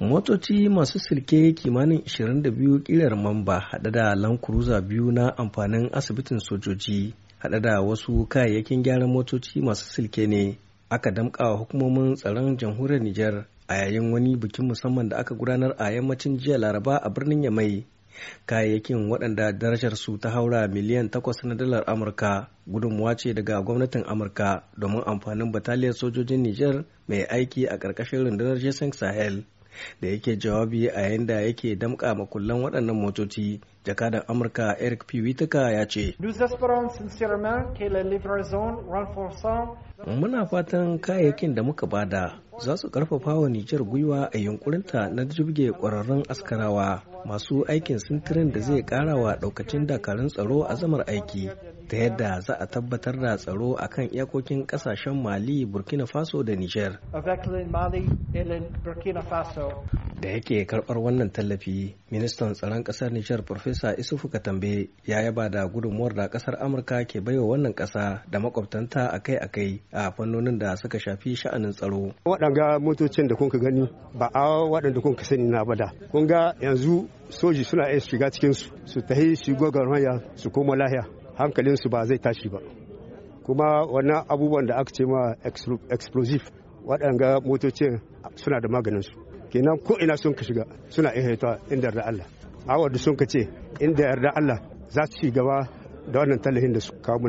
motoci masu silke kimanin 22 kilar mamba hada da land cruiser biyu na amfanin asibitin sojoji hada da wasu kayayyakin gyaran motoci masu silke ne aka damka wa hukumomin tsaron jamhuriyar niger a yayin wani bikin musamman da aka gudanar a yammacin jiya laraba a birnin yamai kayayyakin waɗanda darajar su ta haura miliyan takwas na dalar amurka gudunmuwa ce daga gwamnatin amurka domin amfanin bataliyar sojojin niger mai aiki a ƙarƙashin rundunar jason sahel da yake jawabi a yayin da yake damƙa makullan waɗannan motoci jakadan amurka eric P. piwituka ya ce muna fatan kayayyakin da muka bada za su karfafa wa Nijar gwiwa a yunkurinta na jirge kwararrun askarawa masu aikin sintirin da zai kara wa daukacin dakarun tsaro azamar aiki ta yadda za a tabbatar da tsaro a kan iyakokin kasashen Mali, Burkina Faso da Nijar. da yake karbar wannan tallafi ministan tsaron kasar nijar Profesa isufu katambe ya yaba da gudunmuwar da kasar amurka ke baiwa wannan kasa da makwabtanta akai-akai a fannonin da suka shafi sha'anin tsaro waɗanga motocin da kun gani ba a waɗanda kun sani na bada kun ga yanzu soji suna iya shiga cikin su su tahi su gwagwarmaya su koma lahiya hankalinsu ba zai tashi ba kuma wannan abubuwan da aka ce ma explosive waɗanga motocin suna da maganinsu kenan ko ina sun ka shiga suna iya haituwa inda yarda Allah a da sun ka ce inda yarda Allah za su ci gaba da wannan tallafin da su kawo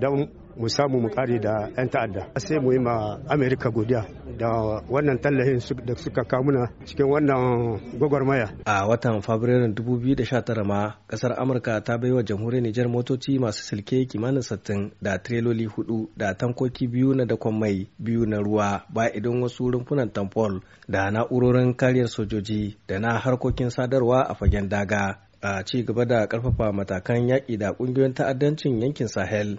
don mu samu mu kare da 'yan ta'adda sai mu yi ma amerika godiya da wannan tallahin da suka kamuna cikin wannan gwagwarmaya a watan fabrairun 2019 ma kasar amurka ta bai wa jamhuriyar nijar motoci masu silke kimanin sattin da tireloli hudu da tankoki biyu na dakon mai biyu na ruwa ba idan wasu rumfunan tamfol da na'urorin kariyar sojoji da na harkokin sadarwa a fagen daga a ci gaba da karfafa matakan yaƙi da ƙungiyoyin ta'addancin yankin sahel